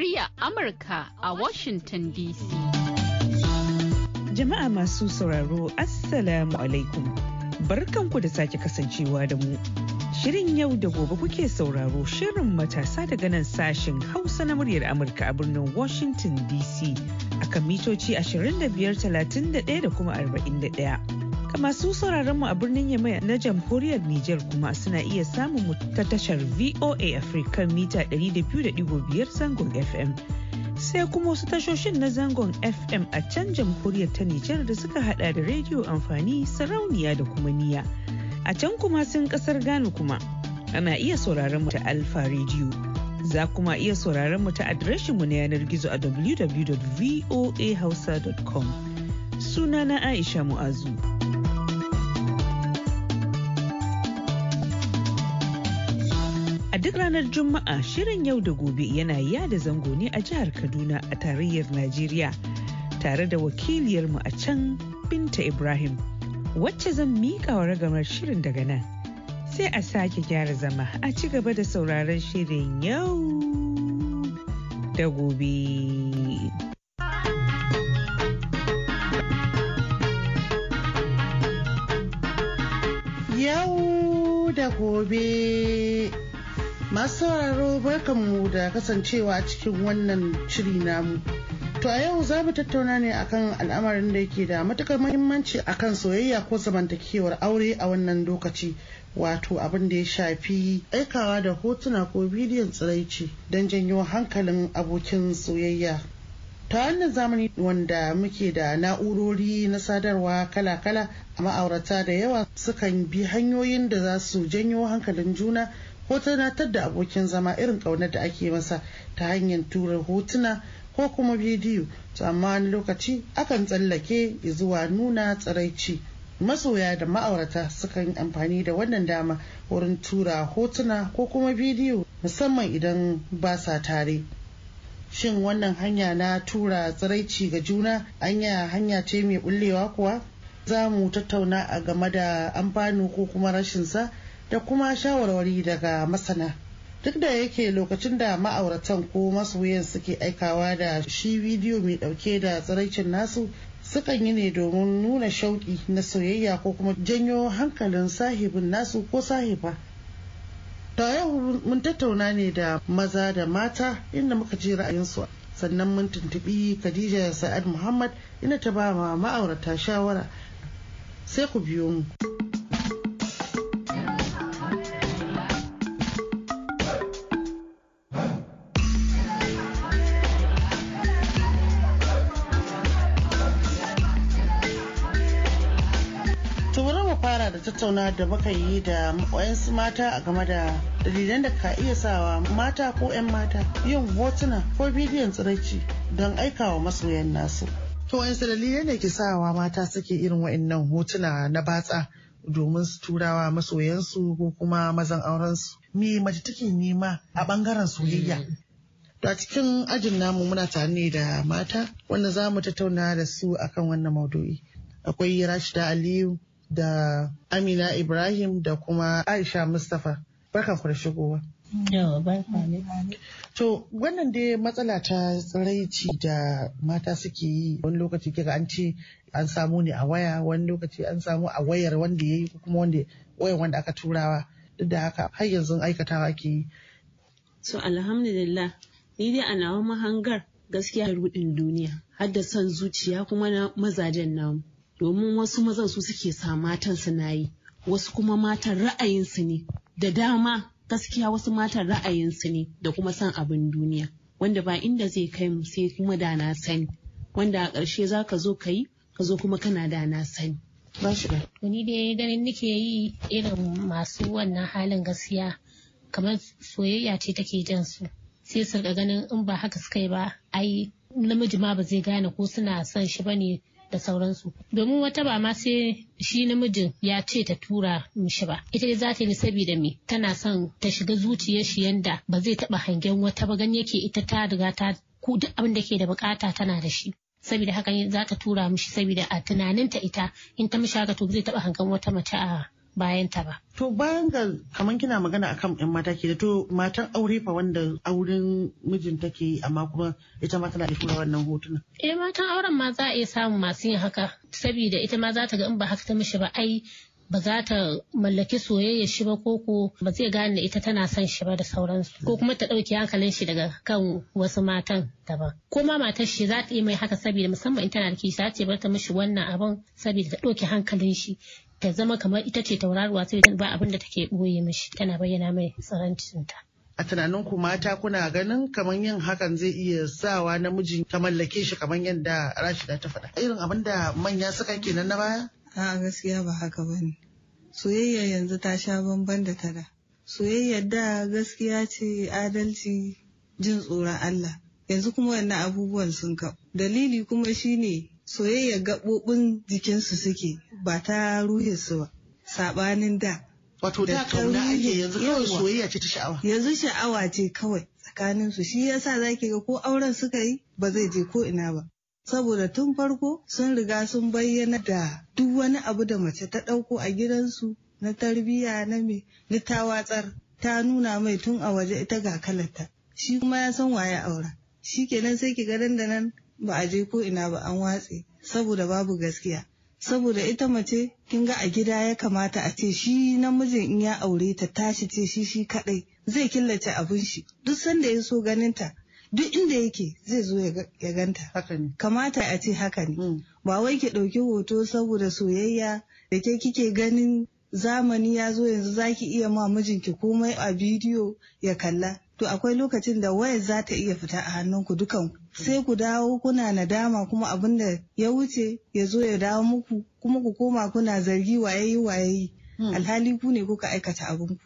murya Amurka a Washington DC. Jama'a masu sauraro, Assalamu alaikum. Barkanku da sake kasancewa da mu. Shirin yau da gobe kuke sauraro shirin matasa daga nan sashen Hausa na muryar Amurka a birnin Washington DC a kan mitoci 25, 31 da kuma 41. masu sauraron mu a birnin Yamai na jamhuriyar Nijar kuma suna iya samun mu ta tashar VOA Africa mita 200.5 zangon FM. Sai kuma wasu tashoshin na zangon FM a can jamhuriyar ta Nijar da suka hada da rediyo amfani sarauniya da kuma niya. A can kuma sun kasar Ghana kuma ana iya sauraron mu ta Alfa Radio. Za kuma iya sauraron mu ta adireshin mu na yanar gizo a www.voahausa.com. Sunana Aisha Mu'azu. duk ranar Juma'a shirin yau da gobe yana yada zango ne a jihar Kaduna a tarayyar Najeriya tare da wakiliyarmu a can Binta Ibrahim wacce zan miƙa wa ragamar shirin daga nan. Sai a sake gyara zama a ci gaba da sauraron shirin yau da gobe. yau da gobe. Masu sauraro barkanmu da kasancewa a cikin wannan shiri namu. To a yau za mu tattauna ne akan al'amarin da yake da matukar mahimmanci akan soyayya ko zamantakewar aure a wannan lokaci. Wato abin da ya shafi aikawa da hotuna ko bidiyon tsiraici don janyo hankalin abokin soyayya. ta wannan zamani wanda muke da na'urori na sadarwa kala-kala a ma'aurata da yawa sukan bi hanyoyin da za su janyo hankalin juna ko tunatar da abokin zama irin ƙaunar da ake masa ta hanyar tura hotuna ko kuma bidiyo to amma wani lokaci akan tsallake zuwa nuna tsaraici masoya da ma'aurata sukan yi amfani da wannan dama wurin tura hotuna ko kuma bidiyo musamman idan ba sa tare shin wannan hanya na tura tsiraici ga juna anya hanya ce mai bullewa kuwa za mu tattauna a game da amfani ko kuma sa da kuma shawarwari daga masana duk da yake lokacin da ma'auratan ko masoyan suke aikawa da shi bidiyo mai dauke da tsiraicin nasu sukan yi ne domin nuna shauki na soyayya ko kuma janyo hankalin sahibin nasu ko sahiba ta yau mun tattauna ne da maza da mata inda muka ji ra'ayinsu sannan mun tuntubi khadija sa'ad muhammad inda ta ba ma ma'aurata shawara sai ku biyo mu tattauna da muka yi da wayansu mata game da dalilan da ka iya sawa mata ko 'yan mata yin hotuna ko bidiyon tsiraici don aikawa masoyan nasu. To wayansu dalilan ne ke sawa mata suke irin wa'annan hotuna na batsa domin su turawa masoyansu ko kuma mazan aurensu. Me mace take nema a bangaren soyayya? a cikin ajin namu muna tare ne da mata wanda za mu tattauna da su akan wannan maudu'i. Akwai Rashida Aliyu da Amina Ibrahim da kuma Aisha Mustapha. Barkan ku da shigowa. To wannan dai matsala ta tsiraici da mata suke yi wani lokaci kira an ce an samu ne a waya wani lokaci an samu a wayar wanda ya yi kuma wanda wayan wanda aka turawa duk da haka har yanzu aikatawa ke yi. So alhamdulillah ni dai a mahangar gaskiya rudin duniya har da son zuciya kuma na mazajen namu. domin wasu mazan su suke sa matan na yi wasu kuma matan ra'ayinsu ne da dama gaskiya wasu matan ra'ayin su ne da kuma san abin duniya wanda ba inda zai kai mu sai kuma da na sani wanda a ƙarshe za ka zo ka yi ka zo kuma kana da na sani ba shi ba ni dai ganin nake yi irin masu wannan halin gaskiya kamar soyayya ce take jan su sai su ganin in ba haka suka yi ba ai namiji ma ba zai gane ko suna son shi bane da sauransu domin wata ba ma sai shi namijin ya ce ta tura mishi ba ita za zata yi saboda me tana son ta shiga zuciyar shi yanda ba zai taba hangen wata ba gan yake ita ta riga ta ku duk abin da ke da bukata tana da shi saboda haka za ta tura mishi saboda a tunaninta ita in ta mishi haka to zai taba hangen wata mace a bayan ta ba. To bayan ga kamar kina magana akan yan mata ke da to matan aure fa wanda auren mijin take amma kuma ita ma tana tura wannan hotuna. Eh matan auren ma za a iya samu masu yin haka saboda ita ma za ta ga in ba haka ta mishi ba ai ba za ta mallaki soyayya shi ba ko ko ba zai gane da ita tana son shi ba da sauransu ko kuma ta ɗauki hankalin shi daga kan wasu matan daban ko ma matar shi za ta yi mai haka saboda musamman in tana da kishi za ta bar ta mishi wannan abin saboda ta ɗauki hankalin shi ta zama kamar ita ce tauraruwa sai ba abin da take ɓoye mishi tana bayyana mai ta. a tunanin ku mata kuna ganin kamar yin hakan zai iya sawa namiji ta mallake shi kamar yadda Rashida ta faɗa irin abin da manya suka kenan na baya A'a gaskiya ba haka ba ne. Soyayya yanzu ta sha bamban da ta Soyayya da gaskiya ce adalci jin tsoron Allah. Yanzu kuma wannan abubuwan sun ka Dalili kuma shine soyayya gaɓoɓin jikinsu suke ba ta ruhinsu ba. Saɓanin da. Wato da kauna ake yanzu kawai soyayya ce ta sha'awa. Yanzu sha'awa ce kawai tsakaninsu shi yasa zaki ga ko auren suka yi ba zai je ko ina ba. saboda tun farko sun riga sun bayyana da duk wani abu da mace ta ɗauko a gidansu na tarbiyya na me ta watsar ta nuna mai tun a waje ita ga kalarta shi kuma ya san waye aura shi kenan sai ki ga da nan ba a je ko ina ba an watse saboda babu gaskiya saboda ita mace kin ga a gida ya kamata a ce shi namijin in ya aure ta tashi ce shi shi kadai zai killace abin shi duk sanda ya so ganin ta duk inda yake zai zo ya ganta kamata a ce haka ne mm. ba wai ke ɗauki hoto saboda soyayya da ke kike ganin zamani ya zo yanzu zaki iya ma mijinki komai a bidiyo ya kalla to akwai lokacin da waya za ta iya fita a hannunku dukan mm. sai ku dawo kuna nadama kuma abin da ya wuce ya zo ya dawo muku kuma ku koma kuna zargi wayayi wayayi mm. alhali ku ne kuka aikata abin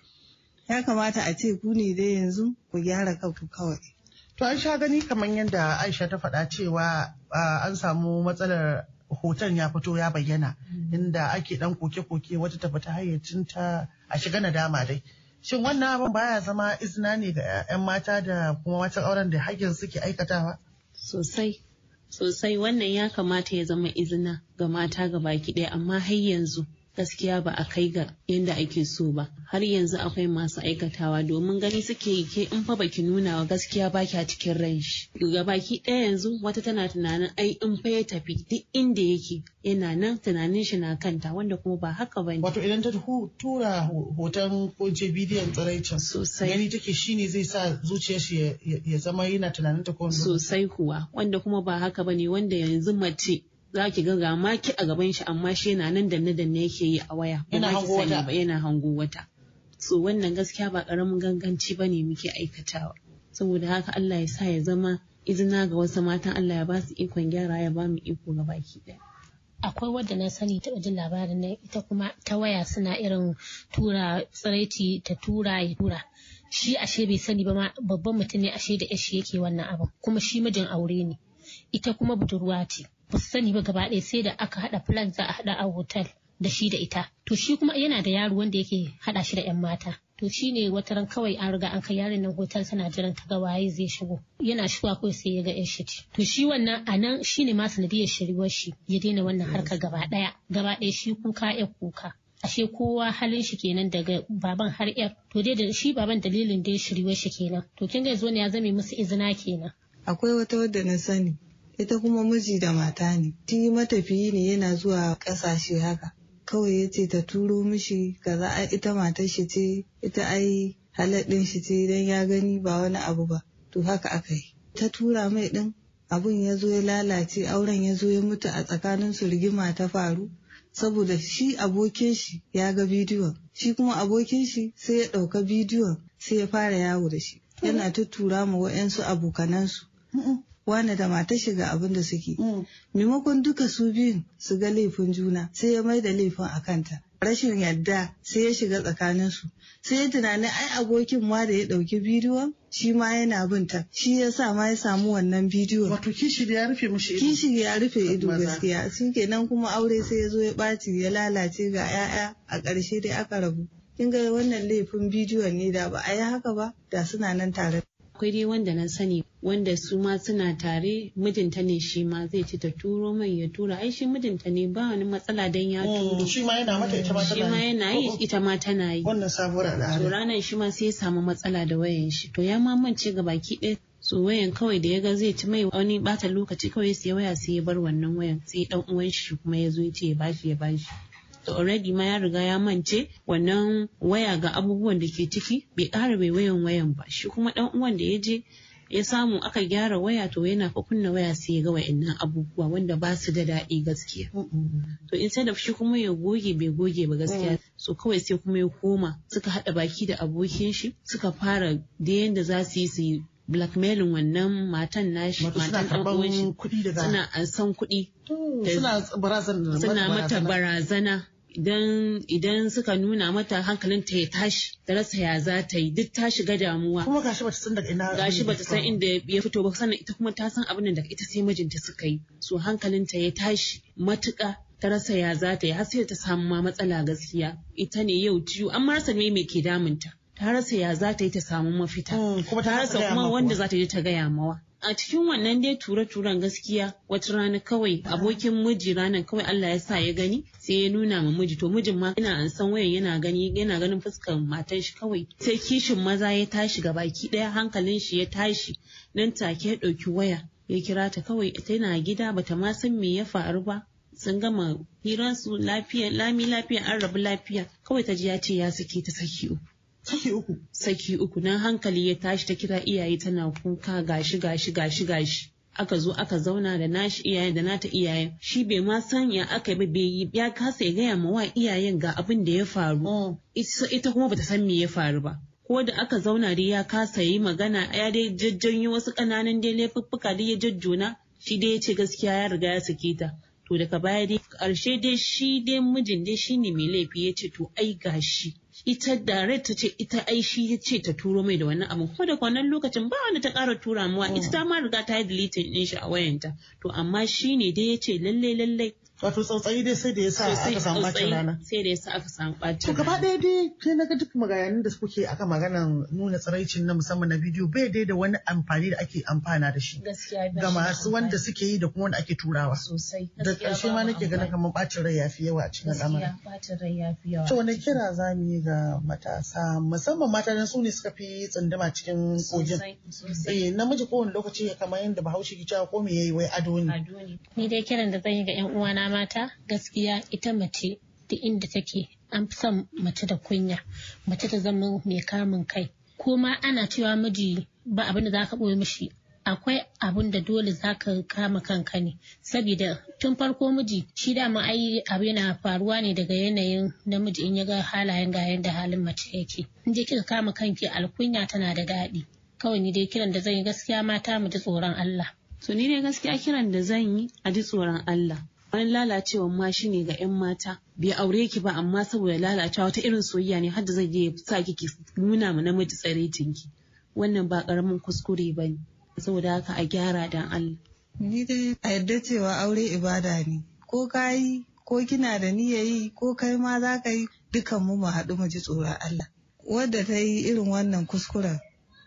ya kamata a ce ku ne dai yanzu ku gyara kanku kawai To an sha gani kamar yadda Aisha ta faɗa cewa an samu matsalar hoton ya fito ya bayyana mm-hmm. inda ake dan koke-koke wata tafi ta hayyacinta a shiga nadama dai. Shin wannan abin baya zama izina ne ga 'yan mata da kuma wata auren da hakin suke aikatawa? Sosai. Sosai wannan ya kamata ya zama izina ga mata ga baki ɗaya amma har yanzu gaskiya ba a kai ga yadda ake so ba har yanzu akwai masu aikatawa domin gani suke yi ke in fa baki nuna wa gaskiya ba a cikin ran shi ga baki ɗaya yanzu wata tana tunanin ai in fa ya tafi duk inda yake yana nan tunanin shi na kanta wanda kuma ba haka ba wato idan ta tura hoton ko ce bidiyon tsiraicin sosai gani take shine zai sa zuciyar shi ya zama yana tunanin ta sosai kuwa wanda kuma ba haka ba ne wanda yanzu mace za ki ga ga maki a gaban shi amma shi yana nan danne danne yake yi a waya yana hango wata yana hango wata so wannan gaskiya ba karamin ganganci bane muke aikatawa saboda haka Allah ya sa ya zama izina ga wasu matan Allah ya ba su ikon gyara ya ba mu iko ga baki ɗaya. akwai wadda na sani ta jin labarin nan ita kuma ta waya suna irin tura tsiraici ta tura ya tura shi ashe bai sani ba ma babban mutum ne ashe da yashi yake wannan abin kuma shi mijin aure ne ita kuma budurwa ce ba su sani ba gaba ɗaya sai da aka haɗa plan za a haɗa a hotel da shi da ita to shi kuma yana da yaro wanda yake haɗa shi da 'yan mata to shi ne wata ran kawai an riga an kai yaron nan hotel tana jiran ta ga waye zai shigo yana shigowa kawai sai ya ga yan shi to shi wannan a nan shi ne ma sanadiyar shiriwar shi ya daina wannan harkar gaba ɗaya gaba ɗaya shi kuka ya kuka ashe kowa halin shi kenan daga baban har yar to dai da shi baban dalilin dai shiriwar shi kenan to kin ga yanzu ya zame musu izina kenan akwai wata wadda na sani ita kuma miji da mata ne shi matafiyi ne yana zuwa ƙasashe haka kawai ya ce ta turo mishi kaza a ita matar shi ce ita ai halaɗin shi ce don ya gani ba wani abu ba to haka aka yi ta tura mai ɗin abun ya zo ya lalace auren ya zo ya mutu a tsakanin su rigima ta faru saboda shi abokin shi ya ga bidiyon shi kuma abokin shi sai ya ɗauka bidiyon sai ya fara yawo da shi yana tuttura ma wa'yansu abokanansu wane da mata shiga abin da suke mm. maimakon duka su biyun su ga laifin juna sai ya mai da laifin a kanta rashin yadda sai ya shiga tsakanin su sai ya tunanin ai abokin ma da ya ɗauki bidiyon shi ma yana bin shi ya sa ma ya samu wannan bidiyo wato kishi ya rufe mushi ido kishi ya rufe ido gaskiya su kenan kuma aure sai ya zo ya ɓaci ya lalace ga 'ya'ya a ƙarshe dai aka rabu kin ga wannan laifin bidiyon ne da ba a yi haka ba da suna nan tare akwai dai wanda na sani wanda su ma suna tare mijinta ne shi ma zai ci ta turo mai ya tura ai shi mijinta ne ba wani matsala dan ya mm, turo shi ma yana mata ita ma tana shi ma yana yi ita ma tana yi wannan sabuwar al'ada to ranar shi ma sai ya samu matsala da wayan shi to ya mamance ga baki ɗaya su wayan kawai da ya ga zai ci mai wani bata lokaci kawai sai waya sai ya bar wannan wayan sai dan uwan shi kuma ya zo ya ce ya bashi ya bashi already ma ya riga ya mance wannan waya ga abubuwan da ke ciki bai ƙara bai wayan wayan ba shi kuma dan uwan da ya je ya samu aka gyara waya to yana fa kunna waya sai ya ga wa'annan abubuwa wanda ba su da daɗi gaskiya to in sai da shi kuma ya goge bai goge ba gaskiya mm. so kawai sai kuma ya koma suka haɗa baki da abokin shi suka fara da yanda za su yi su blackmailing wannan matan nashi matan ɗan suna an san kuɗi mm, suna mata barazana idan suka nuna mata hankalin ta ya tashi ta rasa ya za ta yi duk ta shiga damuwa kuma gashi bata san daga ina gashi bata san inda ya fito ba sannan ita kuma ta san abin da ita sai mijinta suka yi so hankalin ta ya tashi matuka ta rasa ya za ta yi har sai ta samu ma matsala gaskiya ita ne yau ciwo amma rasa ne mai ke damunta ta rasa ya za ta yi ta samu mafita mm, ta rasa kuma wanda za ta je ta gaya mawa a cikin wannan dai tura turen gaskiya wata rana kawai abokin miji ranar kawai Allah ya sa ya gani sai ya nuna ma miji to mijin ma yana an san wayan yana gani yana ganin fuskar matan shi kawai sai kishin maza ya tashi ga baki daya hankalin shi ya tashi nan take ya dauki waya ya kira ta kawai tana gida bata ma san me ya faru ba sun gama hiransu lafiya lami lafiya an rabu lafiya kawai ta ji ya ce ya sake ta saki uku saki uku saki uku nan hankali ya tashi ta kira iyaye tana kuka gashi gashi gashi gashi aka zo aka zauna da nashi iyayen da nata iyayen shi bai ma san ya aka bi bai ya kasa ya gaya ma wa iyayen ga abin da ya faru oh. ita kuma bata san me ya faru ba ko da aka zauna dai ya kasa yi magana ya dai jajjanyo wasu kananan dai laifuffuka dai ya jajjona shi dai ya ce gaskiya ya riga ya sake ta to daga baya dai karshe dai shi dai mijin dai shi ne mai laifi ya ce to ai gashi ita direct ta ce ita ai shi ya ce ta turo mai da wannan abu. kuma da wannan lokacin ba wanda ta ƙara tura muwa ita mm. ta ma riga ta yi deleting din shi a wayanta to amma shi ne dai ya ce lallai-lallai. wato tsautsayi dai sai da ya sa aka samu bacin rana sai da ya sa aka samu bacin rana to gaba ɗaya dai kai na ga duk magayanin da suke aka maganan nuna tsiraicin na musamman na bidiyo bai dai da wani amfani da ake amfana da shi ga masu wanda suke yi da kuma wanda ake turawa sosai da ƙarshe ma nake ganin kamar bacin rai ya fi yawa a cikin al'amarin bacin rai ya fi yawa to wani kira za mu yi ga matasa musamman mata na su ne suka fi tsunduma cikin kogin eh namiji kowane lokaci kamar yadda Bahaushe ke cewa ko me yayi wai ado ne ni dai kiran da zan yi ga ƴan uwana mata gaskiya ita mace da inda take an fi son mace da kunya mace ta zama mai kamun kai ko ana cewa miji ba abin da za ka ɓoye mishi akwai abin da dole za ka kama kanka ne saboda tun farko miji shi dama ai abu yana faruwa ne daga yanayin namiji in ya ga halayen ga yadda halin mace yake in je kika kama kanki alkunya tana da daɗi kawai ni dai kiran da zan yi gaskiya mata mu ji tsoron Allah to ni dai gaskiya kiran da zan yi a ji tsoron Allah bayan lalacewa ma shi ne ga 'yan mata bai aure ki ba amma saboda lalacewa wata irin soyayya ne har da zai yi ya sa ki ki nuna ma namiji tsare jinki wannan ba karamin kuskure ba ne saboda haka a gyara dan Allah ni dai a yarda cewa aure ibada ne ko kayi ko kina da niyayi ko kai ma za ka yi dukan mu mu haɗu mu ji tsoron Allah wadda ta yi irin wannan kuskuren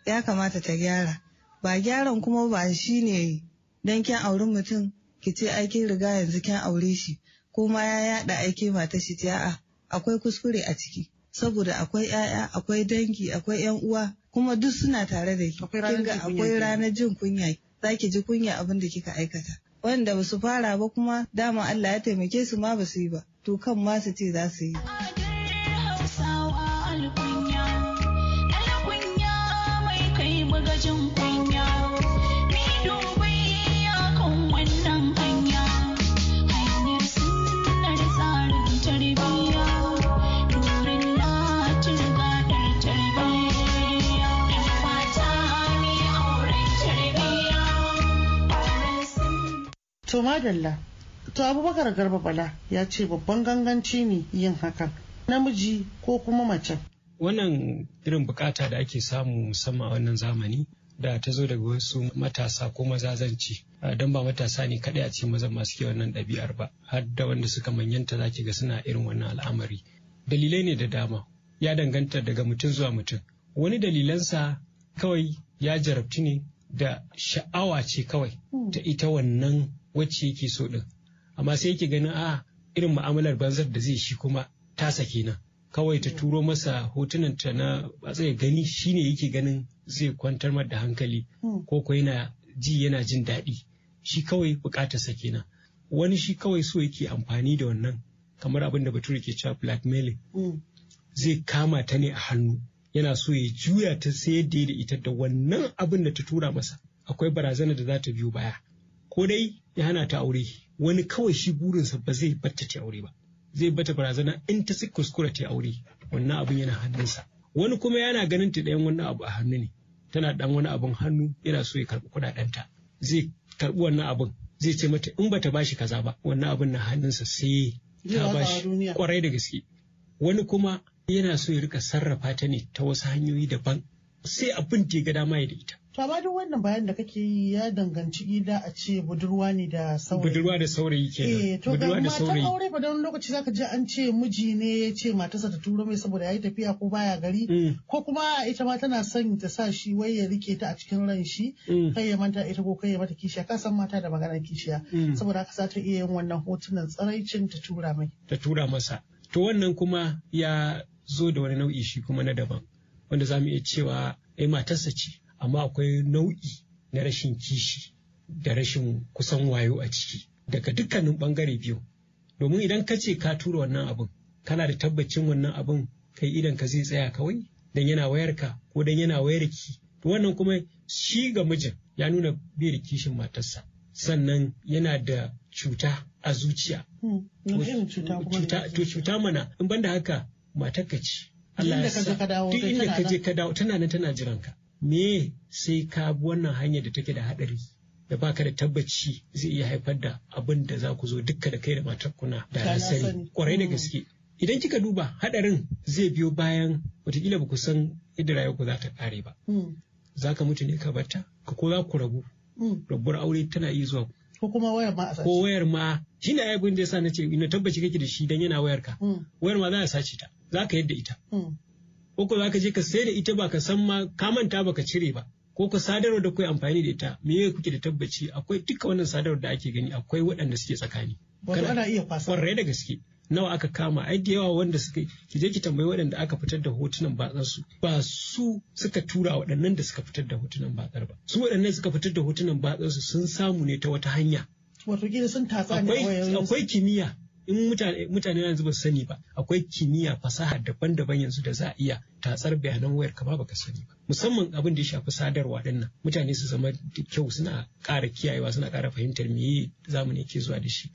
ya kamata ta gyara ba gyaran kuma ba shi ne don kin auri mutum ki ce ai riga yanzu kin aure shi ko ya yada aike mata shi ce a'a akwai kuskure a ciki saboda akwai 'ya'ya akwai dangi akwai 'yan uwa kuma duk suna tare da ki akwai ranar jin kunya za ki ji kunya abin da kika aikata wanda ba su fara ba kuma dama Allah ya taimake su ma ba su yi ba to kan ma su ce za su yi. to madalla to abubakar garba bala ya ce babban ganganci ne yin hakan namiji ko kuma mace wannan irin bukata da ake samu musamman a wannan zamani da ta zo daga wasu matasa ko mazazanci don ba matasa ne kaɗai a ce maza masu ke wannan ɗabi'ar ba har da wanda suka manyanta za ki ga suna irin wannan al'amari dalilai ne da dama ya danganta daga mutum zuwa mutum wani dalilansa kawai ya jarabtu ne da sha'awa ce kawai hmm. ta ita wannan wacce yake so din amma sai yake ganin a irin ma'amalar banzar da zai shi kuma ta sake kenan kawai ta turo masa hotunan ta na tsaye gani shine yake ganin zai kwantar mar da hankali hmm. ko ko yana ji yana jin daɗi shi kawai bukatar sake kenan wani shi kawai so yake amfani da wannan kamar abin da bature ke cewa blackmailing hmm. zai kama ta ne a hannu yana so ya juya ta sayar da ita da wannan abin da ta tura masa akwai barazana da za ta biyo baya ko dai ya hana ta aure wani kawai shi burinsa ba zai bata ta aure ba zai bata barazana in ta kuskura ta aure wannan abin yana hannunsa wani kuma yana ganin ta ɗayan wani abu a hannu ne tana ɗan wani abin hannu yana so ya karɓi ta zai karɓi wannan abun zai ce mata in bata bashi kaza ba wannan abin na hannunsa sai ta bashi kwarai da gaske wani kuma yana so ya rika sarrafa ta ne ta wasu hanyoyi daban sai abin da ya ga dama ya da ita To amma duk wannan bayan da kake yi ya danganci gida a ce budurwa ne da saurayi. Budurwa da saurayi kenan. Eh to ga matan aure ba don lokaci zaka ji an ce miji ne ya ce matarsa ta turo mai saboda yayi tafiya ko baya gari mm. ko kuma ita ma tana son ta sa shi wai ya rike ta a cikin ran shi mm. kai ya manta ita ko kai ya mata kishiya ka san mata da maganar kishiya mm. saboda haka za ta iya yin wannan hotunan tsaraicin ta tura mai. Ta tura masa. To wannan kuma ya zo da wani nau'i shi kuma na daban wanda za mu iya cewa ai eh, matarsa ce. amma akwai nau'i na rashin kishi da rashin kusan wayo a ciki daga dukkanin bangare biyu domin idan ka ce ka tura wannan abin kana da tabbacin wannan abin kai idan ka zai tsaya kawai dan yana wayarka ko dan yana ki to wannan kuma shi ga mijin ya nuna bai da kishin matarsa sannan yana da cuta a zuciya hmm, to cuta mana in banda haka matarka ce Allah ya sa duk inda ka je ka dawo tana nan tana jiranka me sai ka bi wannan hanyar da take da haɗari da baka da tabbaci zai iya haifar da abin da za ku zo dukka da kai da matar kuna da sani. kwarai da mm. gaske idan kika duba haɗarin zai biyo bayan watakila ba ku san yadda rayuwar ku za ta kare ba mm. za ka mutu ne ka bata ka ko za ku rabu mm. rabuwar aure tana iya zuwa ko kuma wayar ma a sace ko wayar ma shi ne abin da yasa nace ina tabbaci kake da shi dan yana wayar ka wayar ma za a sace ta za ka yadda ita ko ko ka je ka sai da ita ba ka san ma ka manta ba ka cire ba ko ku sadarwar da kai amfani da ita me kuke da tabbaci akwai duka wannan sadarwar da ake gani akwai waɗanda suke tsakani wato ana iya fasa kwarai da gaske nawa aka kama ai da yawa wanda suka ki je ki tambayi waɗanda aka fitar da hotunan batsar su ba su suka tura waɗannan da suka fitar da hotunan batsar ba su waɗannan suka fitar da hotunan batsar su sun samu ne ta wata hanya wato kila sun tatsa ne akwai kimiyya in mutane yanzu ba su sani ba akwai kimiyya fasaha daban-daban yanzu da za a iya tatsar bayanan wayar ba ka sani ba musamman abin da ya shafi sadarwa din nan mutane su zama da kyau suna ƙara kiyayewa suna ƙara fahimtar me zamani ke zuwa da shi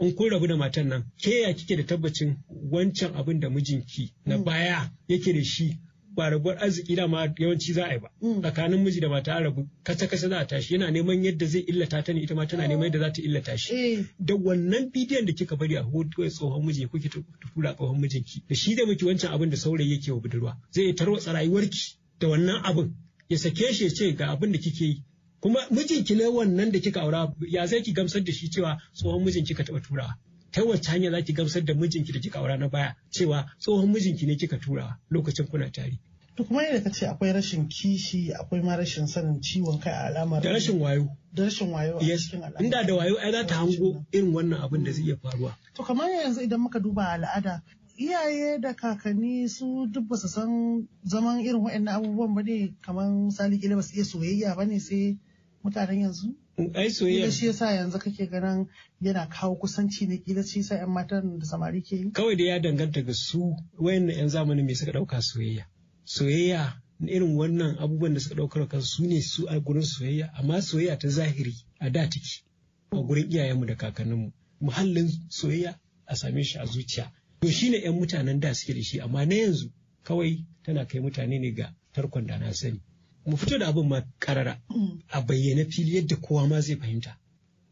in kun rabu da matan nan ke ya kike da tabbacin wancan abin da mijinki na mm. baya yake da shi ba rabuwar arziki da ma yawanci za a yi ba mm. tsakanin miji da mata rabu kasa kasa za a tashi yana neman yadda zai illata ta ne ita ma tana neman yadda za ta illata shi eh. da wannan bidiyon da kika bari a hotuwar tsohon miji kuke tura tsohon mijinki da shi da miki wancan abin da saurayi yake wa budurwa zai tarwatsa rayuwarki da wannan abin ya sake shi ya ce ga abin da kike yi kuma mijinki ne wannan da kika aura ya zai ki gamsar da shi cewa tsohon mijinki ka taba turawa ta wacce hanya za ki gamsar da mijinki da kika aura na baya cewa tsohon mijinki ne kika tura lokacin kuna tare to kuma yadda ka ce akwai rashin kishi akwai ma rashin sanin ciwon kai a alamar da rashin wayo da rashin wayo a cikin al'ada inda da wayo ai za ta hango irin wannan abin da zai iya faruwa to kamar yanzu idan muka duba al'ada iyaye da kakanni su duk su san zaman irin waɗannan abubuwan ba ne kamar sali kila su iya soyayya ba ne sai mutanen yanzu kila soyayya shi yasa yanzu kake ganin yana kawo kusanci ne kila shi yasa yan matan da samari ke yi kawai da ya danganta ga su wayan yan zamani mai suka ɗauka soyayya soyayya na irin wannan abubuwan da suka ɗaukar kan su ne su a gurin soyayya amma soyayya ta zahiri a da take a gurin iyayenmu da kakanninmu muhallin soyayya a same shi a zuciya to shi ne yan mutanen da suke da shi amma na yanzu kawai tana kai mutane ne ga tarkon da na sani mu fito da abin ma karara mm. a bayyana fili yadda kowa ma zai fahimta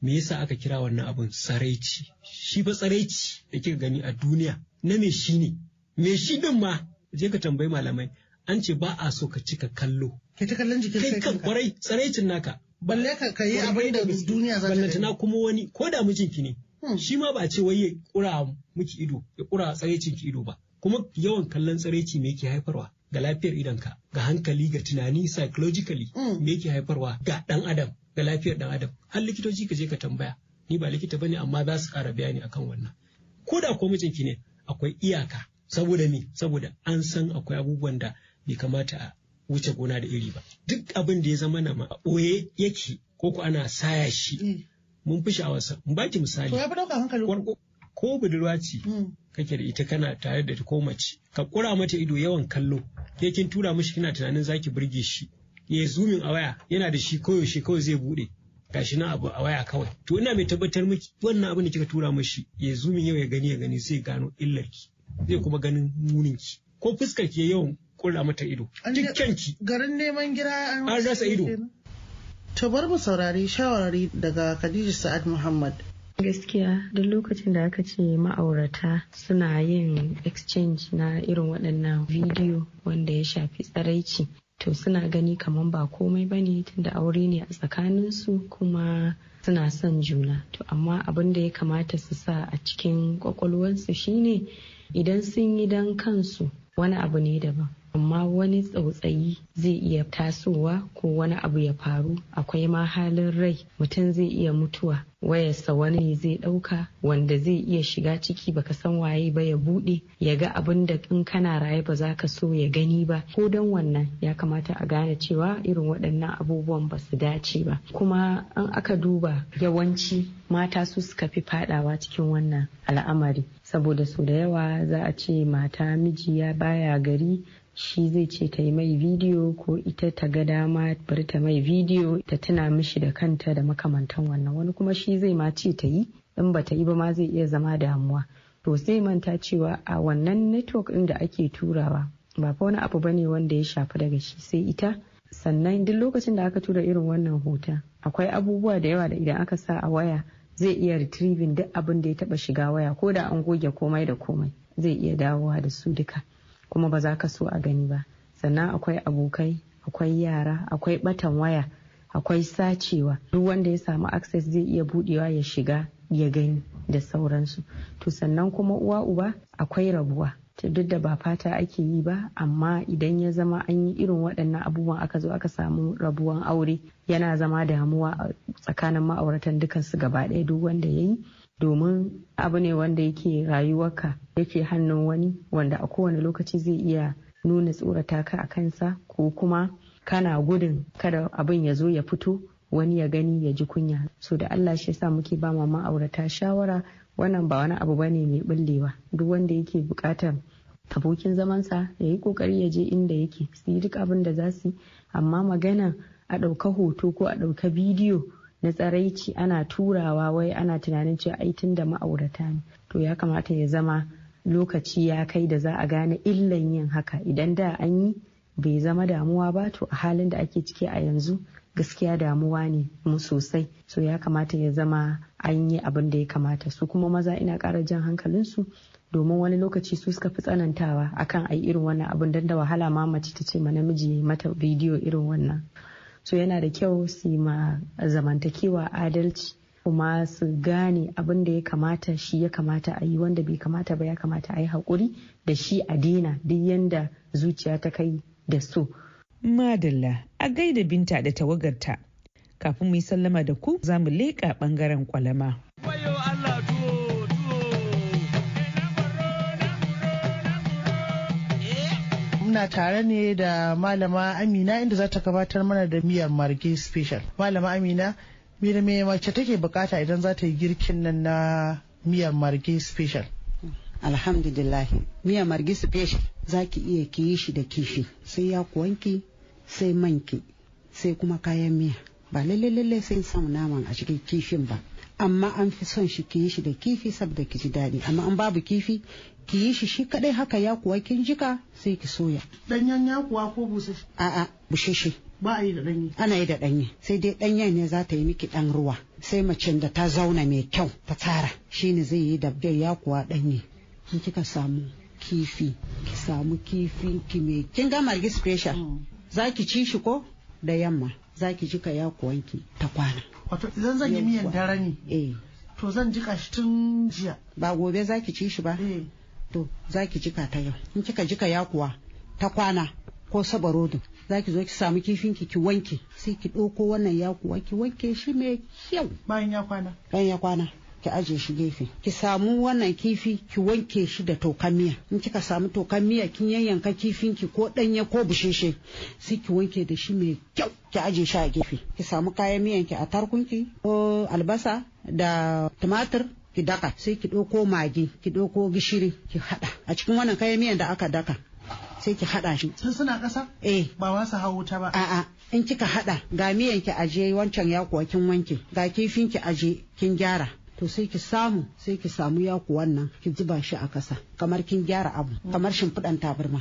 me yasa aka kira wannan abin tsaraici shi ba tsaraici da kika gani a duniya na me shi ne me shi din ma je ka tambayi malamai an ce ba a so ka cika kallo kai ta kallon jikin kai kan kwarai tsaraicin naka balle ka kai abin da duniya za ta tana kuma wani ko da mijinki ne hmm. shi ma ba a ce wai ya kura miki ido ya kura tsaraicin ki ido ba kuma yawan kallon tsaraici me yake haifarwa ga lafiyar idanka ga hankali ga tunani psychologically mm. me yake haifarwa ga dan adam ga lafiyar dan adam har likitoci ka je ka tambaya ni ba likita bane amma za su ƙara bayani akan wannan ko da ko mijinki ne akwai iyaka saboda me saboda an san akwai abubuwan da bai kamata a wuce gona da iri ba duk abin da ya zama na ma ɓoye yake ko ko ana saya shi mm. mun fi sha'awarsa mun baki misali ko budurwa ce mm. kake da ita kana tare da ko mace ka kura mata ido yawan kallo ke kin tura mishi kina tunanin zaki burge shi ya zumin a waya yana da shi koyaushe kawai zai bude gashi na abu a waya kawai to ina mai tabbatar miki wannan abin da kika tura mishi ya zumin yau ya gani ya gani zai gano illarki zai kuma ganin muninki ko fuskar ki yawan kura mata ido ki garin neman gira an rasa ido to bar mu saurari shawarari daga Khadija Sa'ad Muhammad gaskiya duk lokacin da aka ce ma'aurata suna yin exchange na irin waɗannan bidiyo wanda ya shafi tsaraici to suna gani kamar ba komai ba ne tunda aure ne a tsakaninsu kuma suna son juna to amma abin da ya kamata su sa a cikin kwakwalwarsu shine idan sun yi dan kansu wani abu ne daban amma wani tsautsayi zai iya tasowa ko wani abu ya faru akwai ma halin rai mutum zai iya mutuwa wayarsa wani zai ɗauka wanda zai iya shiga ciki baka san waye ba ya buɗe ya ga abin da in kana raye ba za ka so ya gani ba ko don wannan ya kamata a gane cewa irin waɗannan abubuwan ba su dace ba kuma an aka duba yawanci mata su suka fi fadawa cikin wannan al'amari saboda su da yawa za a ce mata mijiya baya gari shi zai ce ta yi mai bidiyo ko ita ta ga dama bari ta mai bidiyo ta tuna mishi da kanta da makamantan wannan wani kuma shi zai ma ce ta yi in ba ta yi ba ma zai iya zama damuwa to sai manta cewa a wannan network ɗin da ake turawa ba fa wani abu bane wanda ya shafi daga shi sai ita sannan duk lokacin da aka tura irin wannan hoton akwai abubuwa da yawa da idan aka sa a waya zai iya retrieving duk abin da ya taba shiga waya ko da an goge komai da komai zai iya dawowa da su duka kuma ba za ka so a gani ba sannan akwai abokai akwai yara akwai batan waya akwai sacewa duk wanda ya samu access zai iya budewa ya shiga ya gani da sauransu to sannan kuma uwa uba akwai rabuwa ta duk da ba fata ake yi ba amma idan ya zama an yi irin waɗannan abubuwan aka zo aka samu rabuwan aure yana zama damuwa tsakanin ma'auratan dukansu gaba ɗaya duk wanda ya yi domin abu ne wanda yake rayuwarka yake hannun wani wanda a kowane lokaci zai iya nuna tsorata ka a kansa ko kuma kana gudun kada abin ya zo ya fito wani ya gani ya ji kunya so da Allah shi yasa muke ba ma'aurata shawara wannan ba wani abu bane mai bullewa duk wanda yake bukatar abokin zamansa ya yi kokari ya je inda yake su yi duk abin da za su yi amma magana a ɗauka hoto ko a ɗauka bidiyo na tsaraici ana turawa wai ana tunanin cewa ai tun da ma'aurata ne to ya kamata ya zama lokaci ya kai da za a gane illan yin haka idan da an yi bai zama damuwa ba to a halin da ake ciki a yanzu gaskiya damuwa ne mu sosai so ya kamata ya zama an yi abin da ya kamata su kuma maza ina ƙara jan hankalinsu domin wani lokaci su suka fi tsanantawa akan ai irin wannan abun don da wahala ma mace ta ce ma namiji mata bidiyo irin wannan so yana da kyau su ma zamantakewa adalci kuma su gane abin da ya kamata shi ya kamata a yi wanda bai kamata ba ya kamata a yi haƙuri da shi a dina duk yanda zuciya ta kai da so. Madalla a gaida binta da tawagarta kafin mu yi sallama da ku za mu leƙa ɓangaren kwalama. muna tare ne da malama amina inda za ta gabatar mana da miyar marge special malama amina me me mace take bukata idan za ta yi girkin nan na miyar marge special alhamdulillah miyar marge special za ki iya ki shi da kifi sai ya kuwanki sai manki sai kuma kayan miya ba lalle lalle sai samu naman a cikin kifin ba amma an fi son shi ki yi shi da kifi saboda ki ji daɗi amma an babu kifi ki yi shi shi kadai haka ya kuwa kin jika sai ki soya danyen ya kuwa ko busasshe a'a bushashe ba a yi da ɗanye. ana yi da ɗanye sai dai ɗanyen ne za ta yi miki ɗan ruwa sai macen da ta zauna mai kyau ta tsara shine zai yi da ya kuwa ɗanye in kika samu kifi ki samu kifi ki mai kin ga margis special mm. za ki ci shi ko da yamma za ki jika ya kuwanki ta kwana wato idan zan yi miyan dare ne eh. to zan jika shi tun jiya ba gobe zaki ci shi ba eh. to za ki jika ta yau in kika jika ya kuwa ta kwana ko sabarodin za ki zo ki samu kifin ki ki wanke sai ki ɗauko wannan ya kuwa ki wanke shi mai kyau bayan bayan ya kwana ki aje shi gefe ki samu wannan kifi ki wanke shi da tokan miya in kika samu tokan miya kin yayyanka kifin ki ko danye ko bushe sai ki wanke da shi mai kyau ki aje shi a gefe ki samu kayan miyan ki a tarkunki ko albasa da tumatir ki daka sai ki ɗauko magi ki ɗauko gishiri ki haɗa a cikin wannan kayan miyan da aka daka sai ki haɗa shi. Sun suna ƙasa? Eh. Ba wa su hawo ta ba. A'a in kika haɗa ga miyan ki aje wancan ya kuwa kin wanke ga kifin ki aje kin gyara to sai ki samu sai ki samu yaku wannan ki zuba shi a kasa kamar kin gyara abu kamar shimfiɗan tabarma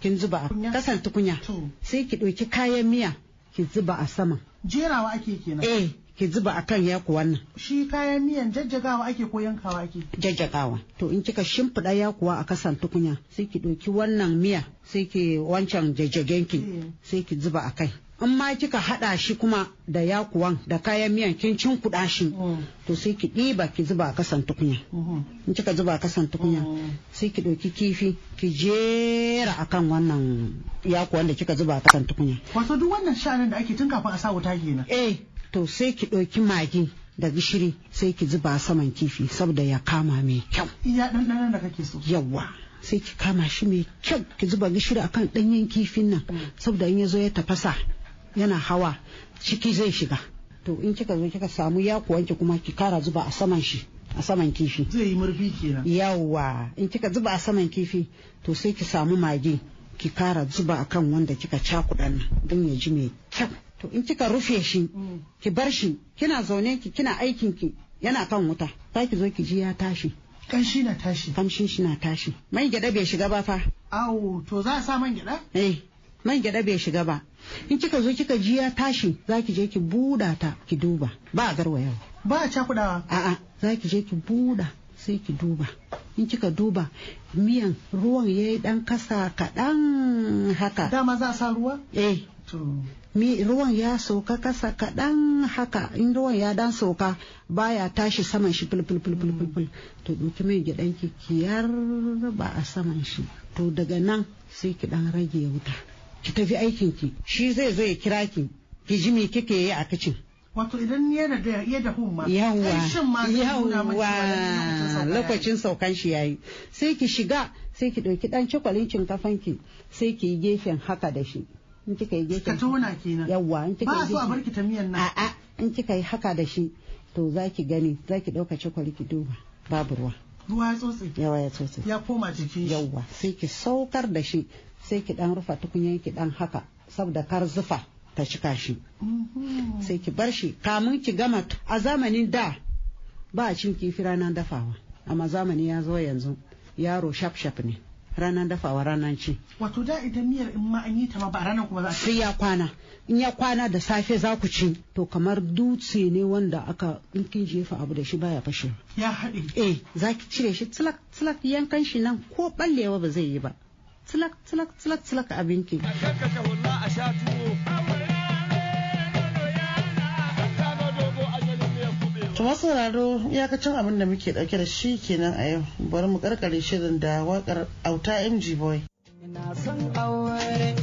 kin zuba a kasan tukunya sai ki ɗauki kayan miya ki zuba a sama jerawa ake kenan eh ki zuba a kan yaku wannan. Shi kayan miyan jajjagawa ake ko yankawa ake? Jajjagawa. To in kika shimfiɗa kuwa a kasan tukunya sai ki ɗauki wannan miya sai ki wancan jajjagenki eh. sai ki zuba a kai. in ma kika haɗa shi kuma da yakuwan da kayan miyan kin cin kuɗa shi mm. to sai ki ɗiba ki zuba kasan tukunya mm-hmm. in kika zuba kasan tukunya mm. sai ki ɗauki kifi ki jera akan wannan yakuwan da kika zuba kasan tukunya wato duk wannan sha'anin da ake tun kafin a sa wuta kenan eh to sai ki ɗauki magi da gishiri sai ki zuba saman kifi saboda ya kama mai kyau iya ɗanɗanon da kake so yawwa sai ki kama shi mai kyau ki zuba gishiri akan ɗanyen kifin nan mm. saboda in ya zo ya tafasa yana hawa ciki zai shiga to in kika zo kika samu ya kuwanki kuma ki kara zuba a saman shi a saman kifi zai yi murfi kenan yawa in kika zuba a saman kifi to sai ki samu mage ki kara zuba akan wanda kika cakudan nan don ya ji mai kyau to in kika rufe shi mm. ki bar shi kina zaune ki kina aikin ki yana kan wuta za ki zo ki ji ya tashi kanshi na tashi Kanshi shi na tashi mai gyada bai shiga ba fa awo to za a sa man gyada eh Nan gyaɗa bai shiga ba in kika zo kika ji ya tashi za ki je ki buɗa ta ki duba ba a garwa yau ba a cakuɗawa a'a za ki je ki buɗa sai ki duba in kika duba miyan ruwan ya yi ɗan kasa kaɗan haka dama za a sa ruwa eh ruwan ya sauka kasa kaɗan haka in ruwan ya dan sauka baya tashi saman shi fulfulfulfulful to a saman shi to daga nan sai ki ɗan rage wuta ki tafi aikin ki shi zai zo ya kira ki ki ji me kike yi a kicin wato idan ya da ya da humma yawa yawa lokacin saukan shi yayi sai ki shiga sai ki ɗauki dan cikwalin kafan ki sai ki yi gefen haka da shi in kika yi gefen ka tona kenan yawa in kika yi ba so a barki ta miyan nan a'a in kika yi haka da shi to zaki gani zaki dauka cikwali ki duba babu ruwa ruwa ya tsotse yawa ya tsotse ya koma jikin shi yawa sai ki saukar da shi sai ki dan rufa tukunyan ki dan haka saboda kar zufa ta cika shi mhm. sai ki bar shi kamun ki gama a zamanin da ba a cin kifi ranar dafawa amma zamani ya zo yanzu yaro shaf shaf ne ranar dafawa ranar ci wato da idan miyar in ma an yi ta ma ba ranar kuma za a sai ya kwana in ya kwana da safe za ku ci to kamar dutse ne wanda aka in kin jefa abu da shi baya fashe ya haɗe eh za ki cire shi tsilak tsilak yankan shi nan ko ballewa ba zai yi ba tsilak tsilak tsilak tsilak abin ki to ya sauraro iyakacin abin da muke dauke da shi kenan a yau bari mu karkare shirin da wakar auta mg boy na son aure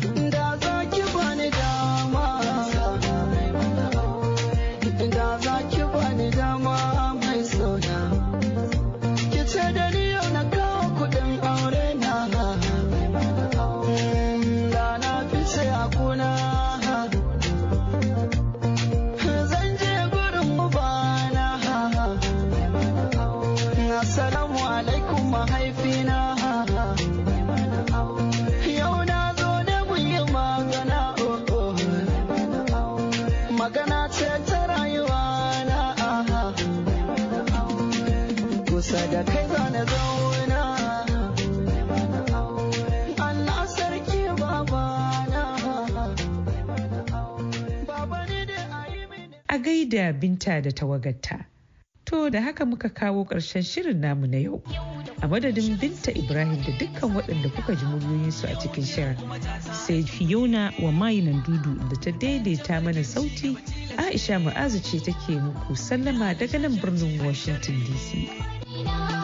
Assalamu alaikum mahaifina. Yau na zo da muyi magana oh, oh Magana ce ta rayuwa na Kusa da kai zane zauna. Allah sarki babana. A gaida binta da tawagarta. To da haka muka kawo ƙarshen shirin namu na yau. A madadin Binta Ibrahim da dukkan waɗanda kuka ji muryoyinsu a cikin shirin. Sai Fiona wa mayinan dudu da ta daidaita mana sauti Aisha ma'azu ce take muku sallama daga nan birnin Washington DC.